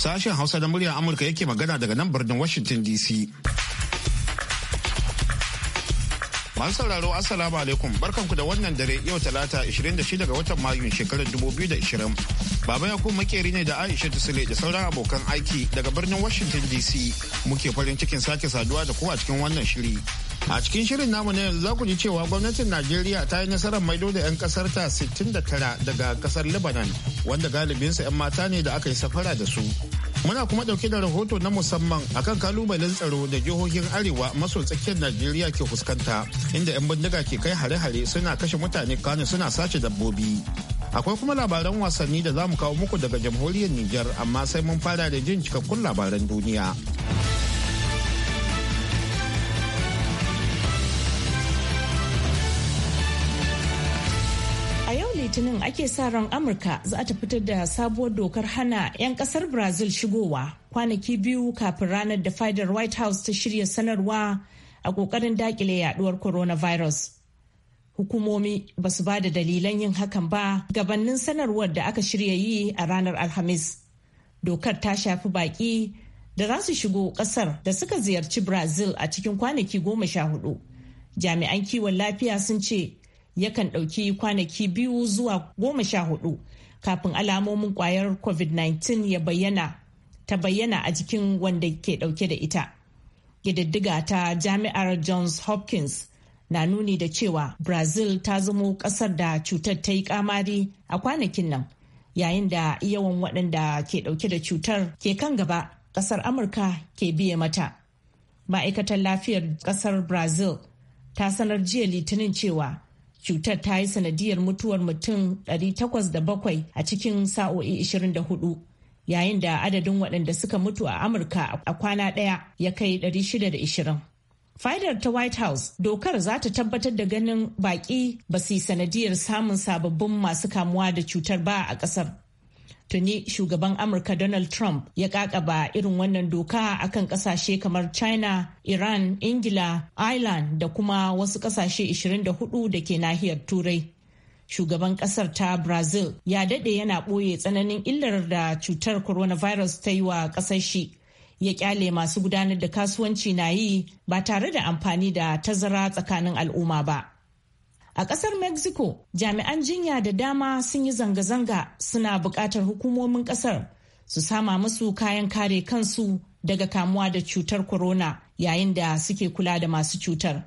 Sashen Hausa na muryar Amurka yake magana daga nan birnin Washington DC. Masu sauraro Assalamu alaikum barkanku da wannan dare yau talata 26 ga watan Mayu shekarar 2020. Baba Yakubu makeri ne da Aisha Tusile da sauran abokan aiki daga birnin Washington DC muke farin cikin sake saduwa da kowa cikin wannan shiri. A cikin shirin namu na yanzu za ku ji cewa gwamnatin Najeriya ta yi nasarar maido da 'yan kasar ta 69 daga kasar Lebanon wanda galibinsa 'yan mata ne da aka yi safara da su. Muna kuma ɗauke da rahoto na musamman akan kalubalen tsaro da jihohin Arewa maso tsakiyar Najeriya ke fuskanta inda 'yan bindiga ke kai hare-hare suna kashe mutane kano suna sace dabbobi. Akwai kuma labaran wasanni da za mu kawo muku daga jamhuriyar Nijar amma sai mun fara da jin cikakkun labaran duniya. litinin ake sa ran amurka za ta fitar da sabuwar dokar hana 'yan kasar brazil shigowa kwanaki biyu kafin ranar da fadar white house ta shirya sanarwa a kokarin dakile yaduwar coronavirus hukumomi ba su ba da dalilan yin hakan ba gabanin sanarwar da aka shirya yi a ranar alhamis dokar ta shafi baki da za su shigo kasar da suka ziyarci brazil a cikin kwanaki goma sha hudu jami'an kiwon lafiya sun ce yakan ɗauki kwanaki biyu zuwa goma sha hudu kafin alamomin kwayar covid-19 ya bayyana ta bayyana a jikin wanda ke ɗauke da ita. Ƙididdiga ta jami'ar Johns Hopkins na nuni da cewa Brazil ta zamo ƙasar da cutar ta yi kamari a kwanakin nan yayin da yawan waɗanda ke ɗauke da cutar ke kan gaba ƙasar Amurka ke biye mata. Ma'aikatar lafiyar ƙasar Brazil ta sanar jiya litinin cewa cutar ta yi sanadiyar mutuwar mutum 807 a cikin sa'o'i 24 yayin da adadin waɗanda suka mutu a amurka a kwana ɗaya ya kai 620 Faidar ta white house dokar za ta tabbatar da ganin baƙi ba su yi sanadiyar samun sababbin masu kamuwa da cutar ba a ƙasar tuni shugaban amurka donald trump ya kakaba irin wannan doka akan kasashe kamar china iran ingila ireland da kuma wasu kasashe 24 da ke nahiyar turai shugaban kasar ta brazil ya dade yana ɓoye tsananin illar da cutar coronavirus ta yi wa kasar shi ya kyale masu gudanar da kasuwanci na yi ba tare da amfani da tazara tsakanin al'umma ba A ƙasar Mexico, jami'an jinya da dama sun yi zanga-zanga suna buƙatar hukumomin ƙasar su sama musu kayan kare kansu daga kamuwa da cutar corona yayin da suke kula da masu cutar.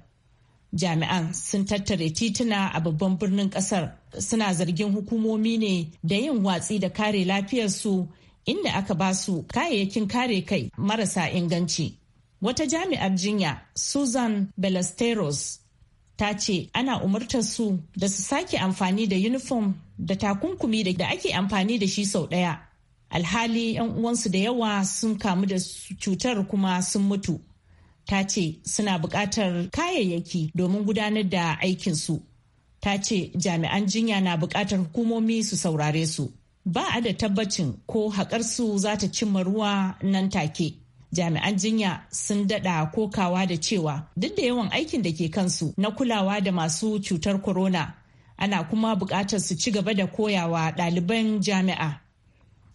Jami'an sun tattare tituna a babban birnin ƙasar suna zargin hukumomi ne da yin watsi da kare lafiyarsu inda aka ba su kayayyakin kare kai marasa inganci. Wata jami'ar jinya, Susan Belasteros, ta ce ana umartar su da su sake amfani da uniform da takunkumi da ake amfani da shi sau ɗaya alhali 'yan uwansu da yawa sun kamu da cutar kuma sun mutu ta ce suna buƙatar kayayyaki domin gudanar da aikinsu ta ce jami'an jinya na buƙatar hukumomi su saurare su ba a da tabbacin ko haƙarsu za ta cimma ruwa nan take jami'an jinya sun dada kokawa da cewa duk da yawan aikin da ke kansu na kulawa da masu cutar corona ana kuma buƙatar su ci gaba da koyawa ɗaliban jami'a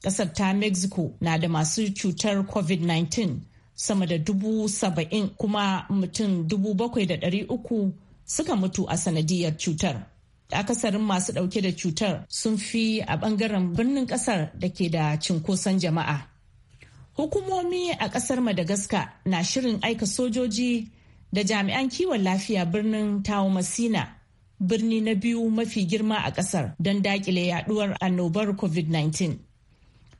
ƙasar ta mexico na da masu cutar covid-19 sama da dubu saba'in kuma mutum dubu bakwai da ɗari uku suka mutu a sanadiyar cutar akasarin masu ɗauke da cutar sun fi a ɓangaren birnin ƙasar da ke da cinkoson jama'a Hukumomi a ƙasar Madagascar na shirin aika sojoji da jami'an kiwon lafiya birnin Taomasina, birni na biyu mafi girma a ƙasar don daƙile yaduwar annobar COVID-19.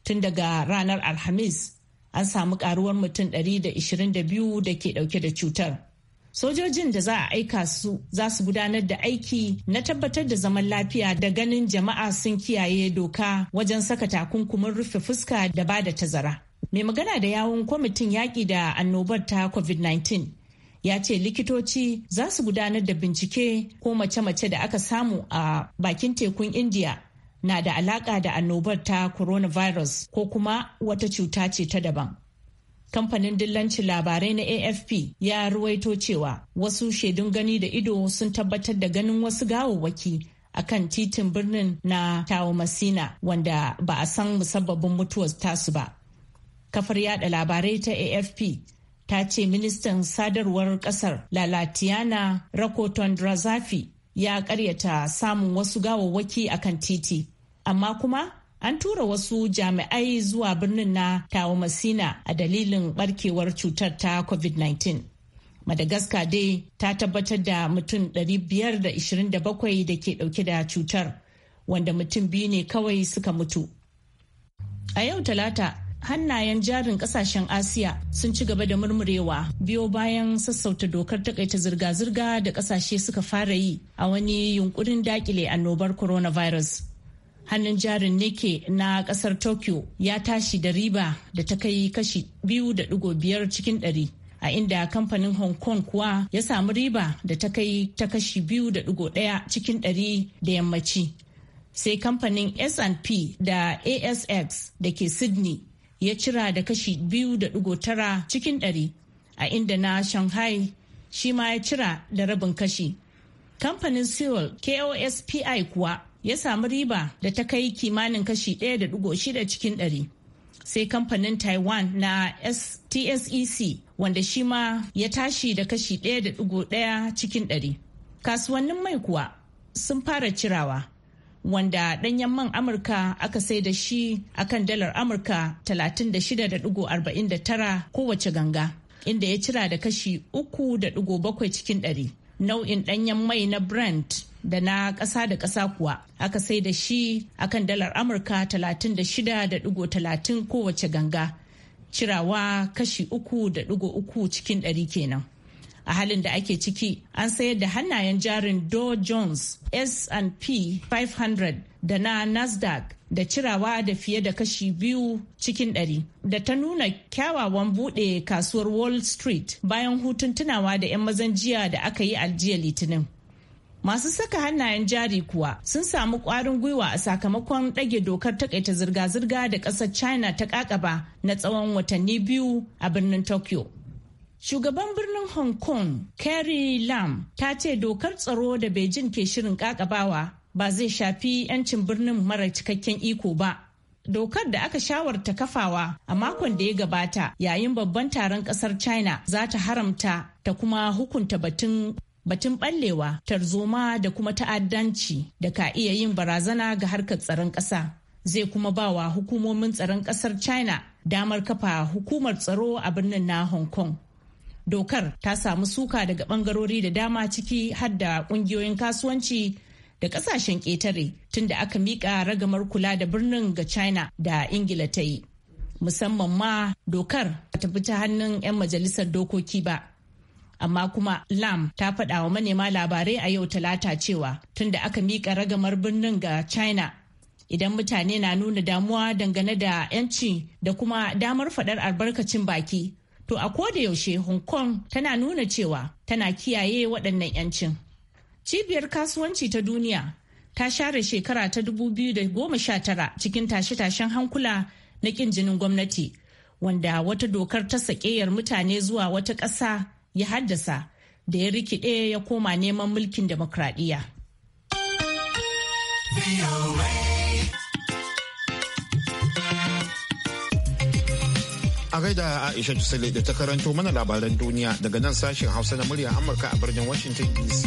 Tun daga ranar Alhamis, an samu karuwar mutum 122 da ke ɗauke da cutar. Sojojin da za a aika su za su gudanar da aiki na tabbatar da zaman lafiya da ganin jama'a sun kiyaye doka wajen saka takunkumin rufe fuska da ba da tazara. mai magana da yawun kwamitin yaƙi da annobar ta covid-19 ya ce likitoci za su gudanar da bincike ko mace-mace da aka samu a bakin tekun india na da alaƙa da annobar ta coronavirus ko kuma wata cuta ce ta daban kamfanin dillancin labarai na afp ya ruwaito cewa wasu shaidun gani da ido sun tabbatar da ganin wasu gawawwaki a kan titin birnin na tawo masina wanda ba a san musabbabin mutuwar tasu ba Kafar yada labarai ta AFP ta ce ministan sadarwar kasar Lalatiana Rakotondrazafi ya karyata samun wasu gawawwaki a kan titi. Amma kuma an tura wasu jami'ai zuwa birnin na Tawamasina a dalilin barkewar cutar ta COVID-19. Madagascar dai ta tabbatar da mutum 527 da ke dauke da cutar, wanda mutum biyu ne kawai suka mutu. A yau talata hannayen jarin kasashen asiya sun ci gaba da murmurewa biyo bayan sassauta dokar takaita zirga-zirga da kasashe suka fara yi a wani yunkurin dakile annobar coronavirus hannun jarin nike na kasar tokyo ya tashi da riba da ta kai kashi biyu da biyar cikin ɗari. a inda kamfanin hong kong kuwa ya samu riba da ta kai ta kashi biyu da ɗaya cikin ɗari da yammaci sai kamfanin S&P da ASX da ke Sydney ya cira da kashi biyu da cikin ɗari a inda na shanghai shi ma ya cira da rabin kashi kamfanin seoul kospi kuwa ya samu riba da ta kai kimanin kashi 1.6 cikin ɗari. sai kamfanin taiwan na tsec wanda shi ma ya tashi da kashi 1.1 cikin ɗari. kasuwannin mai kuwa sun fara cirawa wanda ɗanyen man Amurka aka sai da shi akan dalar Amurka 36.49 kowace ganga, inda ya cira da kashi 3.7 cikin ɗari. Nau'in ɗanyen mai na Brent da na ƙasa da ƙasa kuwa aka sai da shi akan dalar Amurka 36.30 kowace ganga, cirawa kashi 3.3 cikin ɗari kenan. a halin da ake ciki an sayar da hannayen jarin Dow Jones S&P 500 da na Nasdaq da cirawa da fiye da kashi biyu cikin ɗari da ta nuna kyawawan buɗe kasuwar Wall Street bayan hutun tunawa da 'yan mazan jiya da aka yi aljiya Litinin. Masu saka hannayen jari kuwa sun samu ƙwarin gwiwa a sakamakon ɗage dokar takaita zirga-zirga da ƙasar China ta ƙaƙaba na tsawon watanni biyu a birnin Tokyo. Shugaban birnin Hong Kong, Carrie Lam, ta ce dokar tsaro da Beijing ke shirin kakabawa ba zai shafi 'yancin birnin mara cikakken iko ba. dokar da aka shawarta kafawa a makon da ya gabata yayin babban taron kasar china za ta haramta ta kuma hukunta batun batun ballewa tarzoma da kuma ta'addanci da ka iya yin barazana ga harkar tsaron ƙasa zai kuma ba wa hukumomin tsaron ƙasar china damar kafa hukumar tsaro a birnin na hong kong dokar ta samu suka daga bangarori da dama ciki har da kungiyoyin kasuwanci da kasashen ƙetare tunda aka miƙa ragamar kula da birnin ga china da ingila ta yi musamman ma dokar ta fi ta hannun 'yan majalisar dokoki ba amma kuma lam ta faɗa wa manema labarai a yau talata cewa tunda aka miƙa ragamar birnin ga china idan mutane na nuna damuwa dangane da 'yanci da kuma damar faɗar albarkacin baki To a koda yaushe Hong Kong tana nuna cewa tana kiyaye waɗannan 'yancin. Cibiyar kasuwanci ta duniya ta share shekara ta 2019 cikin tashe-tashen hankula na ƙin jinin gwamnati wanda wata dokar ta sakeyar mutane zuwa wata ƙasa ya haddasa da ya rikide ya koma neman mulkin demokradiyya. A gaida Aisha Jusile da ta karanto mana labaran duniya daga nan sashen Hausa na murya Amurka a birnin Washington DC.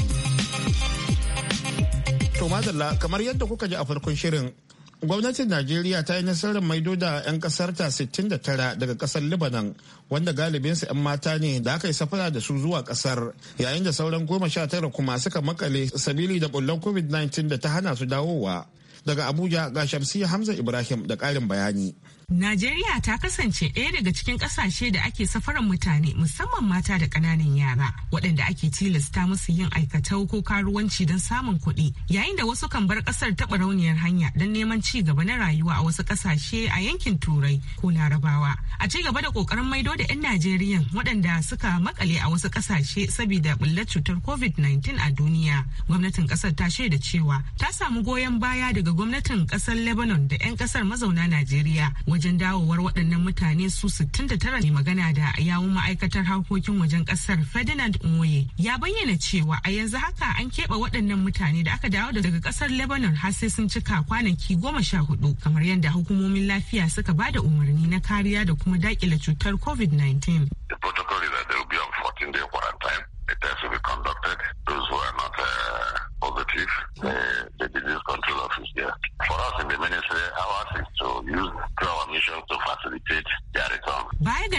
To madalla kamar yadda kuka ji a farkon shirin gwamnatin Najeriya ta yi nasarar maido da 'yan kasarta 69 daga kasar Libanon wanda su 'yan mata ne da aka yi safara da su zuwa kasar yayin da sauran goma sha tara kuma suka makale sabili da bullon COVID-19 da ta hana su dawowa. Daga Abuja ga Shamsiyya Hamza Ibrahim da ƙarin bayani. Najeriya ta kasance ɗaya daga cikin ƙasashe da ake safaran mutane musamman mata da ƙananan yara waɗanda ake tilasta musu yin aikatau ko karuwanci don samun kuɗi yayin da wasu kan bar ƙasar taɓa rauniyar hanya don neman ci gaba na rayuwa a wasu ƙasashe a yankin turai ko larabawa a ci gaba da ƙoƙarin maido da 'yan najeriya waɗanda suka makale a wasu ƙasashe saboda ɓullar cutar COVID-19 a duniya gwamnatin ƙasar ta shaida cewa ta samu goyon baya daga gwamnatin ƙasar Lebanon da 'yan ƙasar mazauna Najeriya wajen dawowar waɗannan mutane su 69 ne magana da yawun ma'aikatar harkokin wajen ƙasar Ferdinand Nwoye ya bayyana cewa a yanzu haka an keɓe waɗannan mutane da aka dawo daga ƙasar Lebanon har sai sun cika kwanaki goma sha hudu kamar yadda hukumomin lafiya suka ba da umarni na kariya da kuma daƙile cutar COVID-19. Uh, hmm. The disease control office there. For us in the ministry, our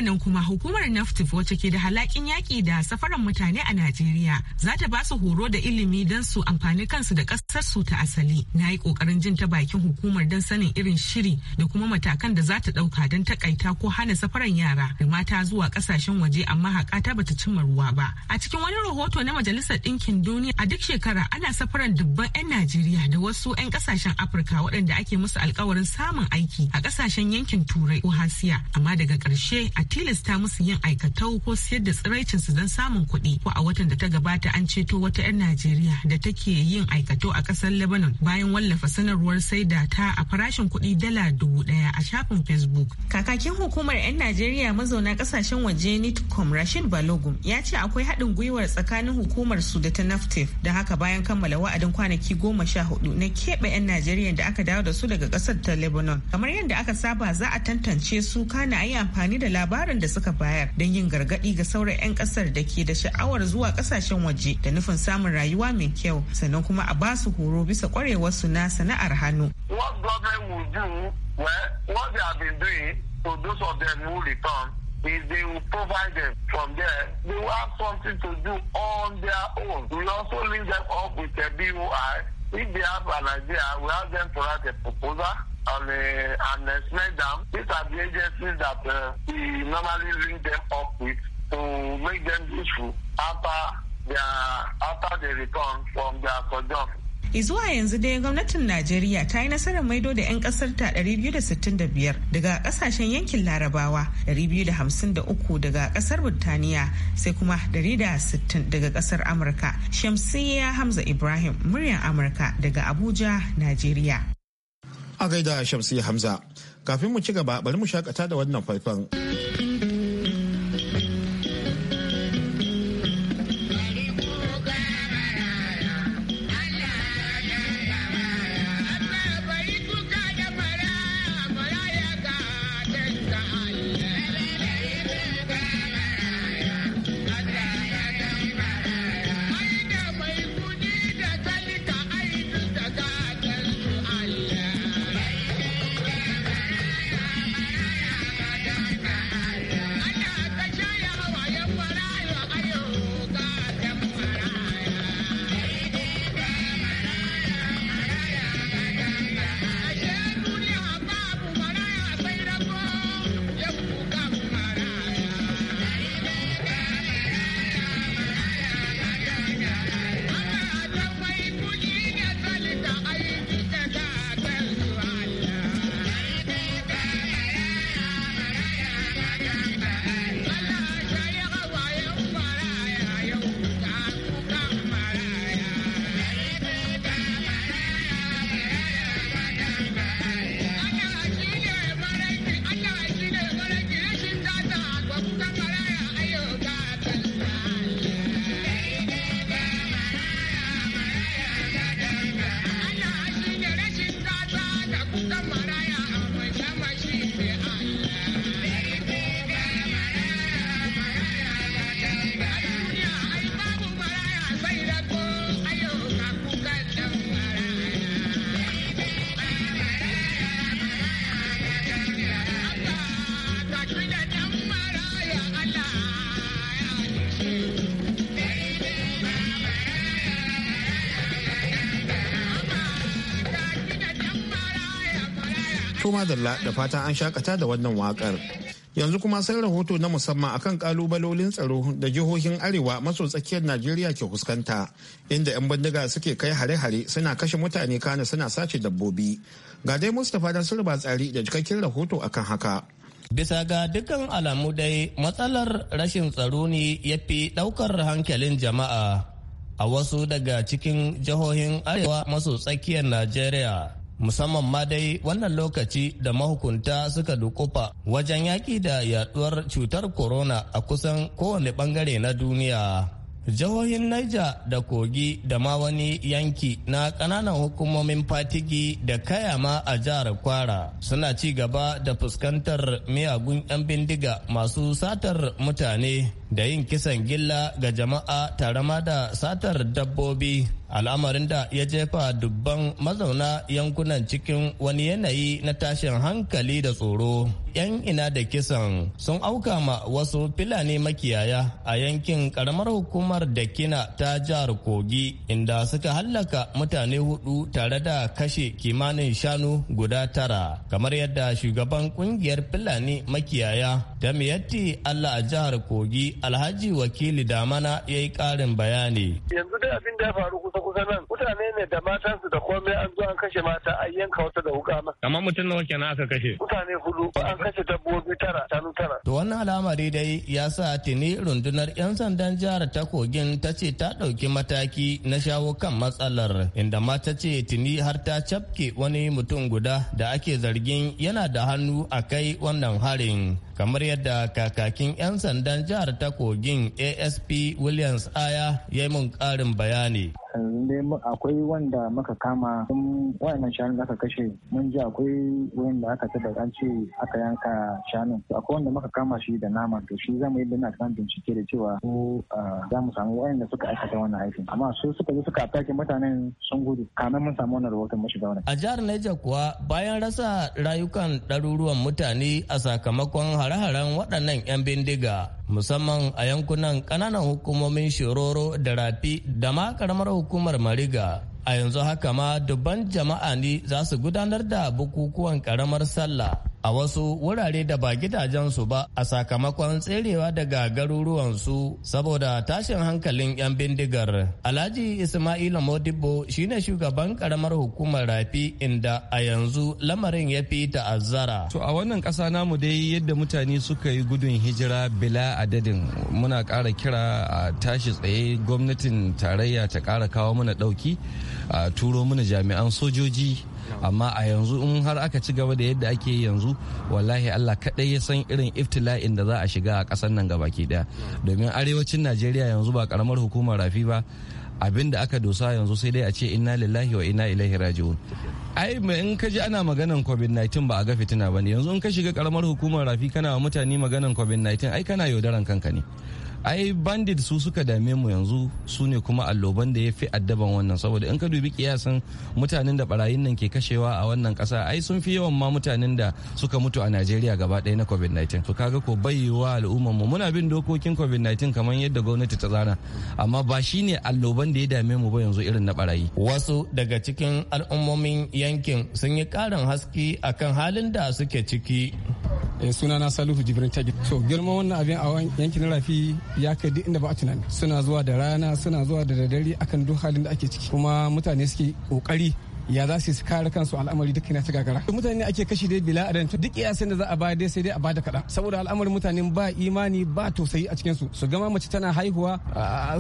nan kuma hukumar naftif wacce ke da halakin yaƙi da safaran mutane a najeriya za ta ba su horo da ilimi don su amfani kansu da su ta asali na yi kokarin jin ta bakin hukumar don sanin irin shiri da kuma matakan da za ta dauka don takaita ko hana safaran yara da mata zuwa kasashen waje amma haƙa ta bata cimma ruwa ba a cikin wani rahoto na majalisar ɗinkin duniya a duk shekara ana safaran dubban 'yan najeriya da wasu 'yan kasashen afirka waɗanda ake musu alkawarin samun aiki a kasashen yankin turai ko hasiya amma daga ƙarshe a tilasta musu yin aikatau ko siyar da tsiraicinsu don samun kuɗi ko a watan da ta gabata an ceto wata 'yan najeriya da take yin aikatau a a kasar Lebanon bayan wallafa sanarwar saida ta a farashin kudi dala dubu daya a shafin Facebook. Kakakin hukumar 'yan Najeriya mazauna kasashen waje Nitcom Rashid Balogun ya ce akwai haɗin gwiwar tsakanin hukumar su da ta Naftif da haka bayan kammala wa'adin kwanaki goma sha hudu na keɓe 'yan Najeriya da aka dawo da su daga ƙasar ta Lebanon. Kamar yadda aka saba za a tantance su kana a yi amfani da labarin da suka bayar don yin gargaɗi ga sauran 'yan ƙasar da ke da sha'awar zuwa ƙasashen waje da nufin samun rayuwa mai kyau sannan kuma a basu horo bisa kwarewarsu na sana'ar hannu. What government will do, well, what they have been doing to those of them who return is they will provide them from there. They will have something to do on their own. We also link them up with a BOI. If they have an idea, we ask them to write a proposal and, uh, and uh, send them. These are the agencies that uh, we normally link them up with to make them useful after their, after they return from their sojourn. Izuwa yanzu dai gwamnatin Najeriya ta yi nasarar maido da 'yan kasar ta 265 daga kasashen yankin Larabawa, 253 daga kasar Burtaniya, sai kuma 160 daga kasar Amurka. Shamsiyya Hamza Ibrahim, muryan Amurka daga Abuja, Najeriya. A gaida Shamsiyya Hamza, kafin mu ci gaba bari mu shakata da wannan faifan. madalla da fata an shakata da wannan wakar. Yanzu kuma sai rahoto na musamman akan kalubalolin tsaro da jihohin Arewa maso tsakiyar Najeriya ke fuskanta, inda 'yan bindiga suke kai hare-hare suna kashe mutane kana suna sace dabbobi. Ga dai Mustapha surba tsari da cikakken rahoto akan haka. Bisa ga dukkan alamu dai matsalar rashin tsaro ne ya fi ɗaukar hankalin jama'a a wasu daga cikin jihohin Arewa maso tsakiyar Najeriya. musamman ma dai wannan lokaci da mahukunta suka dukufa wajen yaƙi da yaduwar cutar corona a kusan kowane bangare na duniya. Jihohin Niger da Kogi da ma wani yanki na kananan hukumomin Fatigi da Kayama a jihar Kwara suna ci gaba da fuskantar miyagun 'yan bindiga masu satar mutane da yin kisan gilla ga jama'a tare ma da satar dabbobi. al'amarin da ya jefa dubban mazauna yankunan cikin wani yanayi na tashin hankali da tsoro yan ina da kisan sun auka ma wasu filani makiyaya a yankin karamar hukumar da kina ta jihar kogi inda suka hallaka mutane hudu tare da kashe kimanin shanu guda tara kamar yadda shugaban kungiyar filani makiyaya da miyatti allah a jihar kogi alhaji wakili damana ya yi karin bayani yanzu abin da ya faru kusa kusa nan mutane ne da matansu da komai an zo an kashe mata an yanka wata da wuka ma. Amma mutum nawa kenan aka kashe? Mutane hudu an kashe dabbobi tara shanu tara. To wannan al'amari dai ya sa Tini rundunar 'yan sandan jihar ta kogin ta ce ta ɗauki mataki na shawo kan matsalar inda ma ta ce tuni har ta cafke wani mutum guda da ake zargin yana da hannu a kai wannan harin. kamar yadda kakakin 'yan sandan jihar ta kogin asp williams aya ya yi mun karin bayani akwai wanda muka kama sun wayannan shanun aka kashe mun ji akwai wanda aka tada an ce aka yanka shanun akwai wanda muka kama shi da nama to shi zamu yi dana kan bincike da cewa ko za mu samu wayanda suka aikata wannan aikin amma su suka zo suka ataki mutanen sun gudu kana mun samu wannan rahoton mu shiga wannan a jihar Niger kuwa bayan rasa rayukan ɗaruruwan mutane a sakamakon hare-haren waɗannan 'yan bindiga musamman a yankunan ƙananan hukumomin shiroro da rafi da ma karamar hukumar mariga a yanzu haka ma dubban jama'a ne za su gudanar da bukukuwan ƙaramar sallah a wasu wurare da ba gidajensu ba a sakamakon tserewa daga garuruwansu saboda tashin hankalin 'yan bindigar. Alhaji Ismaila Modibo shine shugaban karamar hukumar rafi inda a yanzu lamarin ya fi ta'azzara. To a wannan ƙasa namu dai yadda mutane suka yi gudun hijira bila adadin muna ƙara kira a tashi tsaye gwamnatin tarayya ta ƙara kawo mana ɗauki a turo mana jami'an sojoji amma a yanzu in har aka ci gaba da yadda ake yanzu wallahi Allah kaɗai ya san irin iftila'in da za a shiga a kasar nan gabaki daya domin arewacin Najeriya yanzu ba karamar hukumar rafi ba abin da aka dosa yanzu sai dai a ce inna lillahi wa inna ilaihi raji'un ai in ka ji ana maganan covid-19 ba a ga fitina bane yanzu in ka shiga karamar hukumar rafi kana wa mutane maganan covid-19 ai kana yaudaran kanka ne ai bandit su suka dame mu yanzu su ne kuma alloban da ya fi addaban wannan saboda in ka dubi kiyasan mutanen da barayin nan ke kashewa a wannan kasa ai sun fi yawan ma mutanen da suka mutu a najeriya gaba ɗaya na covid-19 to kaga ko bayyewa al'ummar mu muna bin dokokin covid-19 kamar yadda gwamnati ta tsara amma ba shi ne alloban da ya dame mu ba yanzu irin na barayi wasu daga cikin al'ummomin yankin sun yi karin haske akan halin da suke ciki Eh, suna na salihu jibrin tagit so girman wannan abin a yankin rafi ya kai duk inda ba a tunani suna zuwa da rana suna zuwa da dare akan duk halin da ake ciki kuma mutane suke kokari ya za su kare kansu al'amari duk na ci gagara mutane ake kashi dai bila adan duk iyasan da za a bada dai sai dai a bada kaɗan saboda al'amarin mutanen ba imani ba tausayi a cikinsu su gama mace tana haihuwa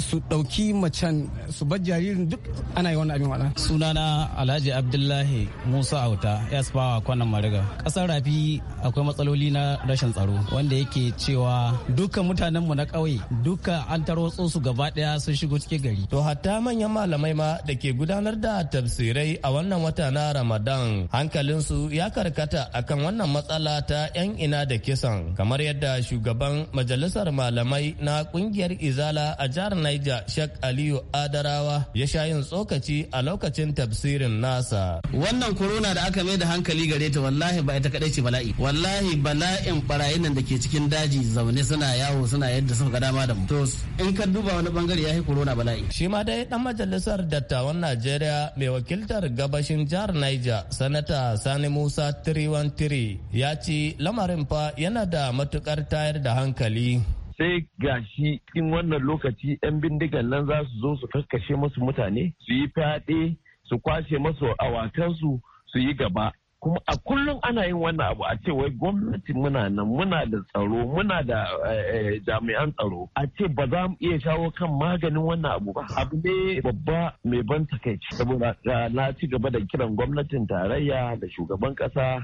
su ɗauki macen su bar jaririn duk ana yi wannan abin wannan sunana alhaji abdullahi musa auta yasfawa kwanan mariga ƙasar rafi akwai matsaloli na rashin tsaro wanda yake cewa duka mutanen mu na ƙauye duka an taro su gaba ɗaya sun shigo cikin gari to hatta manyan malamai ma da ke gudanar da tafsirai a wannan wata na Ramadan hankalinsu ya karkata akan wannan matsala ta 'yan ina da kisan kamar yadda shugaban majalisar malamai na kungiyar Izala a jihar Niger Sheikh Aliyu Adarawa ya sha yin tsokaci a lokacin tafsirin nasa. Wannan corona da aka mai da hankali gare ta wallahi ba ita kadai ce bala'i. Wallahi bala'in barayin nan da ke cikin daji zaune suna yawo suna yadda suka dama da mu. To in ka duba wani bangare ya yi corona bala'i. Shi ma dai dan majalisar dattawan Najeriya mai wakiltar gabashin jihar Niger, Sanata Sani Musa 313 ya ce lamarin fa yana da matukar tayar da hankali. sai gashi in wannan lokaci 'yan bindigan nan za su zo su kakkashe masu mutane su yi fyaɗe su kwashe masu awakansu su yi gaba kuma a kullum ana yin wannan abu a ce wai gwamnati muna nan muna da tsaro muna da eh, eh, jami'an tsaro a ce ba za mu iya shawo kan maganin wannan abu ba abu ne babba mai ban takaici saboda eh, na ci gaba da kiran gwamnatin tarayya da shugaban kasa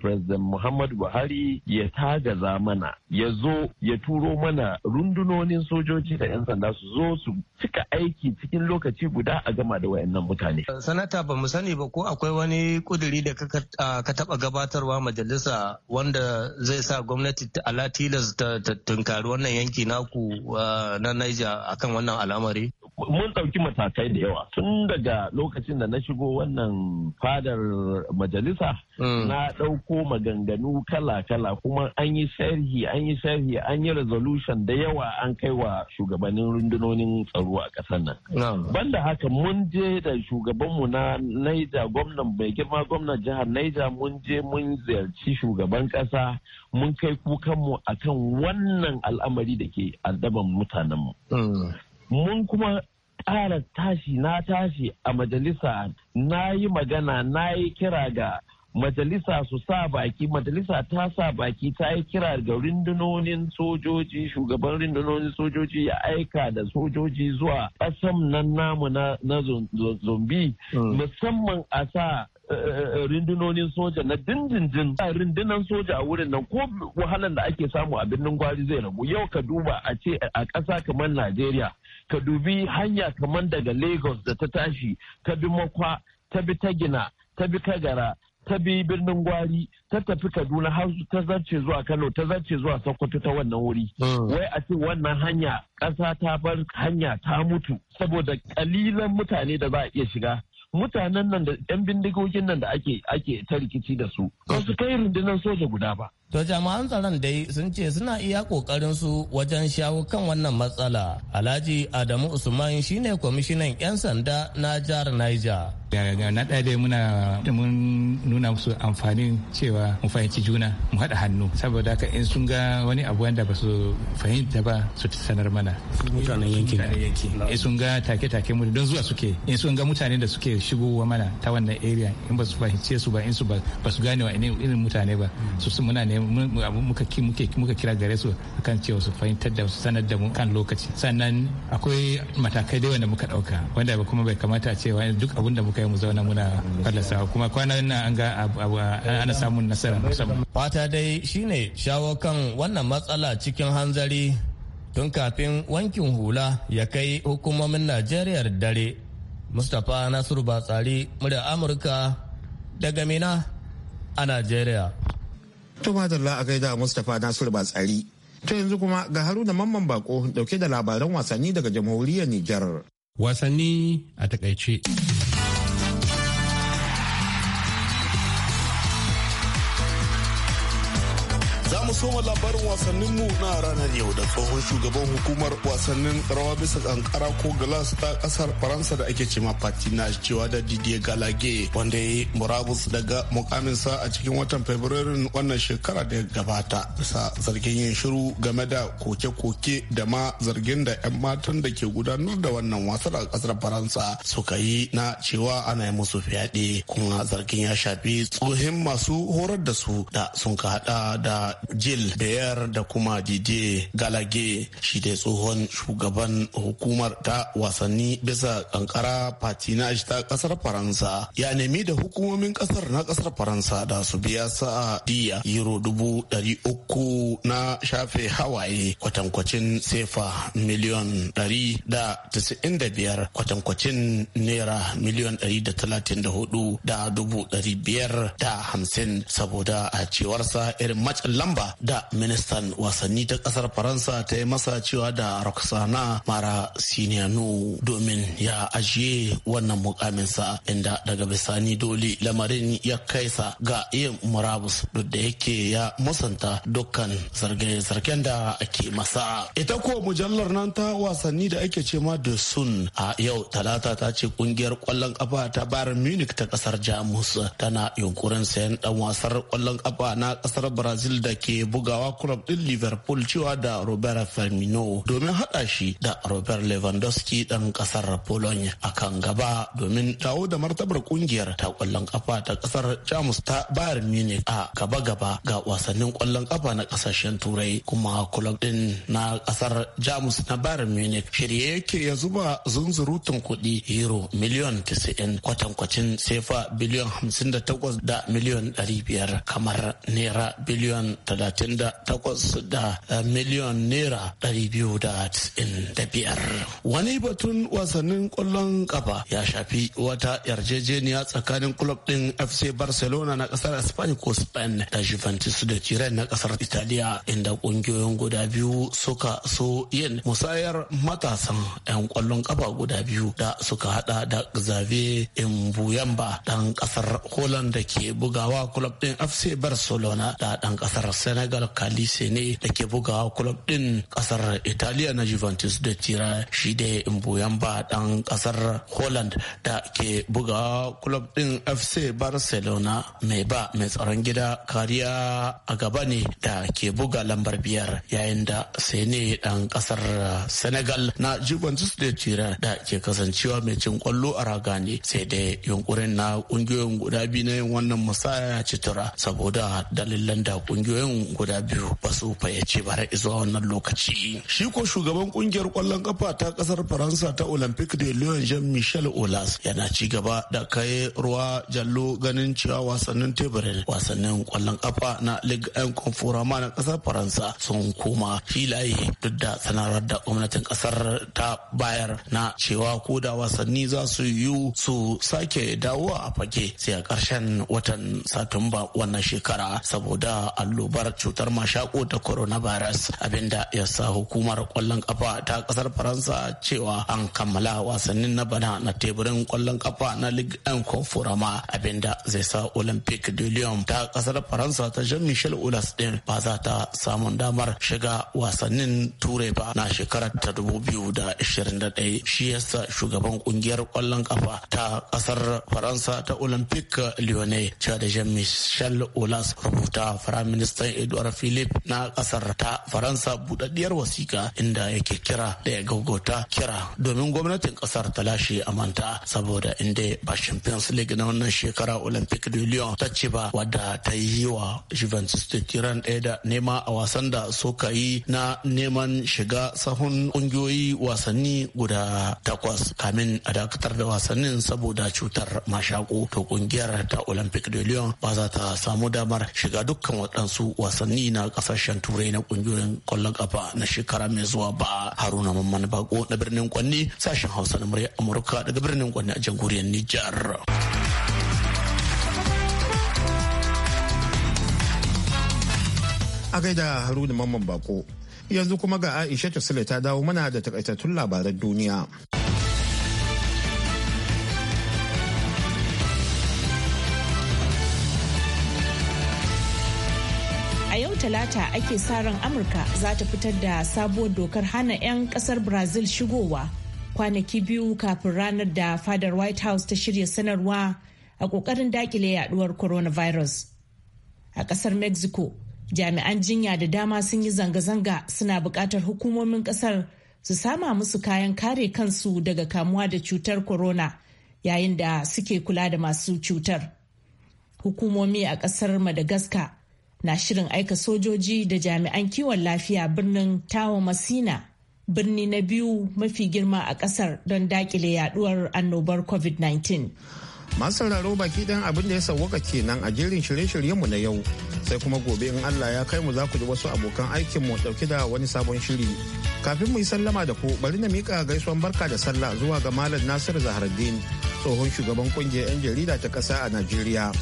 president muhammadu buhari ya taga zamana ya zo ya turo mana rundunonin sojoji da 'yan sanda su zo su cika aiki cikin lokaci guda a gama da wayannan mutane. Sanata ba mu sani ba ko akwai wani kuduri da ka taba gabatarwa majalisa wanda zai sa gwamnati ala tilas ta tunkari wannan yanki naku uh, na Niger akan wannan al'amari? mun ɗauki matakai da yawa tun daga lokacin da na shigo wannan fadar majalisa mm. na ɗauko maganganu kala-kala kuma an yi sharhi an yi sharhi an yi resolution da yawa an kai wa shugabannin rundunonin tsaro a ƙasar nan banda haka mun je da shugabanmu na naija gwamnan mai girma gwamnan jihar naija mun je mun ziyarci shugaban ƙasa mun kai kukanmu akan wannan al'amari da ke addaban mutanenmu mm. mun kuma ƙara tashi na tashi a majalisa na yi magana na yi kira ga majalisa su sa baki majalisa ta sa baki ta yi kira ga rundunonin sojoji shugaban rundunonin sojoji ya aika da sojoji zuwa ƙasan nan namu na zombi hmm. musamman a sa eh, eh, eh, rundunonin soja na dindindin a rundunan soja a wurin nan ko wahalar da ake samu a birnin gwari zai ragu yau ka duba a ce a ƙasa kamar najeriya ka dubi hanya kamar daga lagos da ta tashi ta bi makwa ta bi ta gina ta bi kagara ta bi birnin gwari ta tafi kaduna har ta zarce zuwa kano ta zarce zuwa sokoto ta wannan wuri hmm. wai a ce wannan hanya ƙasa ta bar hanya ta mutu saboda kalilan mutane da za a iya shiga mutanen nan da yan bindigogin nan da ake ake ta rikici da su ba su kai rundunar soja guda ba To jama'an tsaron dai sun ce suna iya kokarin su wajen shawo kan wannan matsala. Alhaji Adamu Usman shine kwamishinan 'yan sanda na jihar Niger. Na ɗaya dai muna da mun nuna musu amfanin cewa mu fahimci juna mu haɗa hannu saboda haka in sun ga wani abu wanda ba su fahimta ba su sanar mana. Mutanen yanki. In sun ga take-take mu don zuwa suke in sun ga mutane da suke shigowa mana ta wannan area in ba su fahimce su ba in su ba su gane wa irin mutane ba su muna ne muka kira gare su kan cewa su fahimtar da su sanar da mu kan lokaci sannan akwai matakai dai wanda muka dauka wanda kuma bai kamata a ce duk abin da muka yi mu zauna muna fallasa kuma kwana nan an ga ana samun nasara musamman fata dai shine shawo kan wannan matsala cikin hanzari tun kafin wankin hula ya kai hukumomin najeriya dare mustapha nasiru batsari murya amurka daga mina a najeriya To madalla a gaida Mustapha Nasiru Batsari. To yanzu kuma ga Haruna Mamman Bako dauke da labaran wasanni daga jamhuriyar Nijar. Wasanni a takaice. mu soma labarin wasannin mu na ranar yau da tsohon shugaban hukumar wasannin rawa bisa kankara ko glass ta kasar faransa da ake cema patinage cewa da didier galage wanda ya yi murabus daga mukaminsa a cikin watan fabrairun wannan shekara da ya gabata bisa zargin yin shiru game da koke-koke da ma zargin da 'yan matan da ke gudanar da wannan wasan a kasar faransa suka yi na cewa ana yi musu fyaɗe kuma zargin ya shafi tsohin masu horar da su da sun ka hada da jill bayer da kuma didier galage shi dai tsohon shugaban hukumar ta wasanni bisa kankara patinage ta kasar faransa ya nemi da hukumomin kasar na kasar faransa da su biya sa diya euro dubu dari uku na shafe hawaye kwatankwacin sefa miliyon dari da tisa'in da biyar kwatankwacin naira miliyon dari da talatin da hudu da dubu dari biyar da hamsin saboda a cewarsa irin matsin lamba da ministan wasanni ta kasar faransa ta yi masa cewa da roxana mara siniyanu domin ya ajiye wannan mukaminsa inda daga bisani dole lamarin ya kaisa ga yin murabus duk da yake ya musanta dukkan zargen da ake masa ita ko mujallar nan ta wasanni da ake ce ma da sun a yau talata ta ce kungiyar kwallon kafa ta bayar munich ta kasar jamus tana yunkurin sayan dan wasar kwallon kafa na kasar brazil da ke ya bugawa club din liverpool cewa da robert firmino domin hada shi da robert lewandowski dan kasar Poland a kan gaba domin dawo da martabar kungiyar ta kwallon kafa ta kasar jamus ta bayar munich a gaba-gaba ga wasannin kwallon kafa na kasashen turai kuma club din na kasar jamus na bayar munich shirye yake ya zuba zunzurutun kuɗi euro miliyan 90 kwatankwacin sefa biliyan 58 da miliyan 500 kamar naira biliyon 30 38 da eh, miliyon naira biyar. wani batun wasannin kwallon kafa ya shafi wata yarjejeniya tsakanin kulob din fc barcelona na kasar spain ko spain da juventus da jiran na kasar italiya inda kungiyoyin guda biyu suka so yin musayar matasan 'yan kwallon kafa guda biyu da suka hada da xavier mbuyamba dan kasar holland da ke bugawa kulob din fc barcelona da dan kasar senegal senegal kalise ne da ke buga kulob din kasar italiya na juventus da tira shi da mboyamba dan kasar holland da ke buga kulob din fc barcelona mai ba mai tsaron gida kariya a gaba ne da ke buga lambar biyar yayin da sene dan kasar senegal na juventus da tira da ke kasancewa mai cin kwallo a raga ne sai da yunkurin na kungiyoyin guda biyu na yin wannan musaya ya ci tura saboda dalilan da kungiyoyin guda biyu ba su fayyace ba har zuwa wannan lokaci shi ko shugaban kungiyar kwallon kafa ta kasar faransa ta olympic de lyon jean michel olas yana ci gaba da kai ruwa jallo ganin cewa wasannin teburin wasannin kwallon kafa na ligue 1 conforama na kasar faransa sun koma filaye duk da sanarwar da gwamnatin kasar ta bayar na cewa ko da wasanni za su yiwu su sake dawo a fage sai a ƙarshen watan satumba wannan shekara saboda allobar matsalar cutar mashako ta coronavirus abinda ya sa hukumar kwallon kafa ta kasar faransa cewa an kammala wasannin na bana na teburin kwallon kafa na ligue 1 conforama abinda zai sa olympic de lyon ta kasar faransa ta jean michel ulas din ba za ta samun damar shiga wasannin turai ba na shekarar ta da 2021 shi yasa shugaban kungiyar kwallon kafa ta kasar faransa ta olympic lyonnais cewa da jean michel ulas rubuta firaministan Edouard Philippe na kasar ta Faransa budaddiyar wasika inda yake kira da ya gaugauta kira domin gwamnatin kasar ta lashe amanta saboda inda ba Champions League na wannan shekara Olympic de Lyon ta ce ba wadda ta yi wa Juventus ta Tiran ɗaya da nema a wasan da suka yi na neman shiga sahun kungiyoyi wasanni guda takwas kamin a dakatar da wasannin saboda cutar mashaku to ƙungiyar ta Olympic de Lyon ba za ta samu damar shiga dukkan waɗansu wasanni wasanni na kasashen turai na kungiyoyin kwallon kafa na shekara mai zuwa ba haruna mamman bako na birnin kwanni sashen hausa na murya amurka daga birnin kwanni a jamhuriyar nijar a gaida haruna mamman bako yanzu kuma ga aisha ta dawo mana da takaitattun labaran duniya talata ake sa ran amurka za ta fitar da sabuwar dokar hana 'yan kasar brazil shigowa kwanaki biyu kafin ranar da fadar white house ta shirya sanarwa a kokarin dakile yaduwar coronavirus a kasar mexico jami'an jinya da dama sun yi zanga-zanga suna buƙatar hukumomin kasar su sama musu kayan kare kansu daga kamuwa da cutar corona yayin da suke kula da masu cutar hukumomi a kasar madagascar na shirin aika sojoji da jami'an kiwon lafiya birnin tawa masina birni na biyu mafi girma a kasar don dakile yaduwar annobar covid-19 masu baki dan abin da ya sauwaka kenan a jerin shirye-shiryenmu na yau sai kuma gobe in allah ya kai mu za ku ji wasu abokan aikin mu dauke da wani sabon shiri kafin mu yi sallama da ku bari na miƙa gaisuwan barka da sallah zuwa ga malam nasir zahardin tsohon shugaban kungiyar 'yan jarida ta kasa a najeriya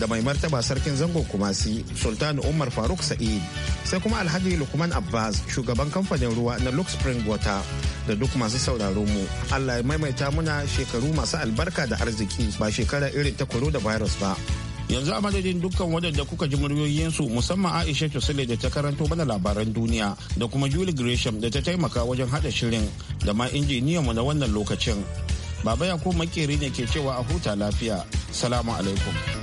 da mai martaba sarkin zango kumasi sultan umar faruk sa'id sai kuma alhaji lukman abbas shugaban kamfanin ruwa na lux spring water da duk masu sauraro mu allah ya maimaita muna shekaru masu albarka da arziki ba shekara irin ta da virus ba yanzu a madadin dukkan wadanda kuka ji muryoyinsu musamman aisha tusile da ta karanto mana labaran duniya da kuma julie gresham da ta taimaka wajen hada shirin da ma mu na wannan lokacin baba ya ko makeri ne ke cewa a huta lafiya salamu alaikum